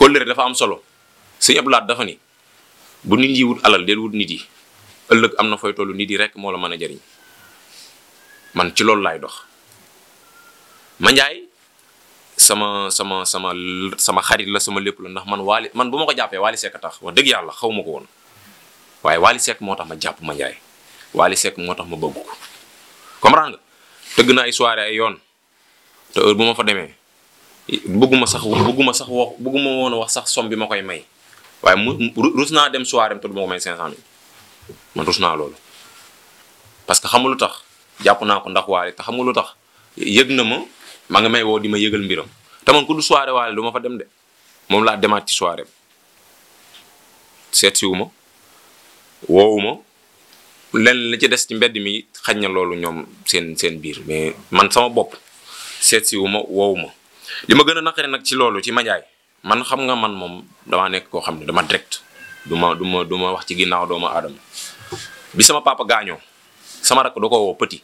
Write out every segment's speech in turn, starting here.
kóllëre dafa am solo si Abdou Lahad dafa ni bu nit yi wut alal del wut nit yi ëllëg am na fooy tollu nit yi rekk moo la mën a jariñ man ci loolu laay dox ma sama sama sama sama xarit la sama lépp la ndax man waali man bu ma ko jàppee waali sekk tax wax dëgg yàlla xaw ma ko woon waaye waali sekk moo tax ma jàpp ma njaay waali sekk moo tax ma bëgg ko comprendre nga tëgg yoon te ma fa demee bëgguma sax bëgguma sax wax bëgguma woon a wax sax some bi ma koy may waaye mu rus naa dem soirée am te du ma ko may 500000 man rus naa loolu parce que xamul tax jàpp naa ko ndax waali te xamul tax yëg na ma. ma nga may woo di ma yëgal mbiram te man ku du soirée waale du ma fa dem de moom laa demaat ci soirée seet si wu ma woowu ma lenn la ci des ci mbedd mi xaj na loolu ñoom seen seen biir mais man sama bopp seet ma woowu ma. li ma gën a naqare nag ci loolu ci majaay man xam nga man moom dama nekk koo xam ne dama direct du ma du du ma wax ci ginnaaw doomu aadama bi sama papa gaañoo sama rakk da ko woo petit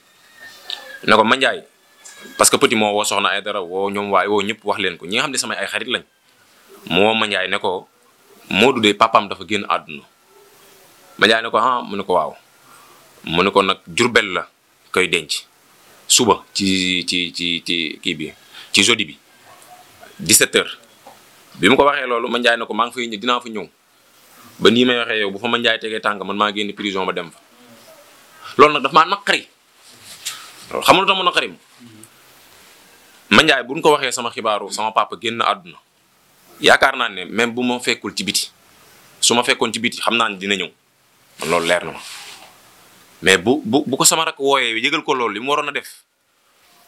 ne ko manjaay parce que petit moo woo soxna ay dara woo ñoom waaye woo ñëpp wax leen ko ñi nga xam ne samay ay xarit lañ moo ma njaay ne ko moo dudee papaam dafa génn àdduna ma njaay ne ko ah mu ne ko waaw mu ne ko nag jurbel la kay denc suba ci ci ci ci kii bi ci jeudi bi 17h bi mu ko waxee loolu ma njaay ne ko maa ngi fay ñëw dinaa fa ñëw ba nii may waxee yow bu fa ma tegee tànk man maa génn prison ma dem fa loolu nag dafa maa naqari loolu xam nga lu tax mu naqari ma. Mandiaye bu ñu ko waxee sama xibaaru sama papa génn àdduna yaakaar naa ne même bu ma fekkul ci biti su ma fekkoon ci biti xam naa ne dina ñëw man loolu leer na ma mais bu bu bu ko sama rak wooyee yëgal ko loolu li mu waroon a def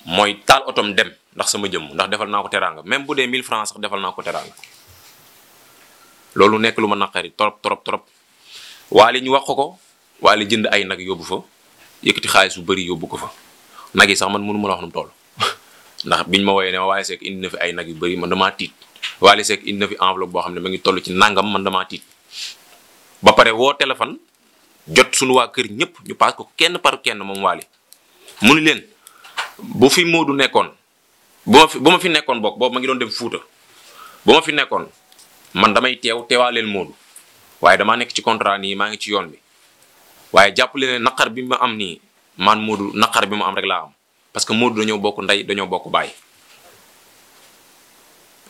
mooy taal otom dem ndax sama jëmm ndax defal naa ko teraanga même bu dee 1000 francs sax defal naa ko teraanga loolu nekk lu ma naqari trop trop trop waali ñu wax ko ko waali jënd ay nag yóbbu fa yëkkati xaalis bu bëri yóbbu ko fa. nag yi sax man mënu ma la wax nu mu toll ndax biñ ma woowee ne ma Wally Seck indi na fi ay nag yu bëri man damaa tiit Wally Seck indi na fi enveloppe boo xam ne ma ngi toll ci nangam man damaa tiit ba pare woo téléphone jot suñu kër ñëpp ñu paas kenn par kenn moom Wally mu ni leen bu fi Moodu nekkoon bu ma ma fi nekkoon bokk boobu ma ngi doon dem Fuuta bu ma fi nekkoon man damay teew teewaaleel Moodu waaye damaa nekk ci contrat nii maa ngi ci yoon bi waaye jàpp leen naqar bi ma am nii. man Modou naqar bi mu am rek laa am parce que Modou dañoo bokk ndey dañoo bokk baay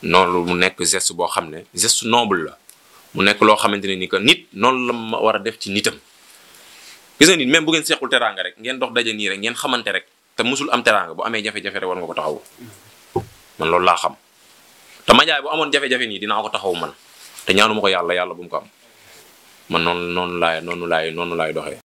noonu mu nekk geste boo xam ne geste noble la mu nekk loo xamante ne ni que nit noonu la ma war a def ci nitam. gis même bu ngeen seexul rek ngeen dox daje nii ngeen xamante rek te musul am teraanga amee jafe war ko taxaw loolu laa xam te Mandiaye bu amoon jafe nii dinaa ko taxaw man te ñaanuma ko yàlla yàlla bu ko am man noonu noonu laay noonu laay noonu laay doxee.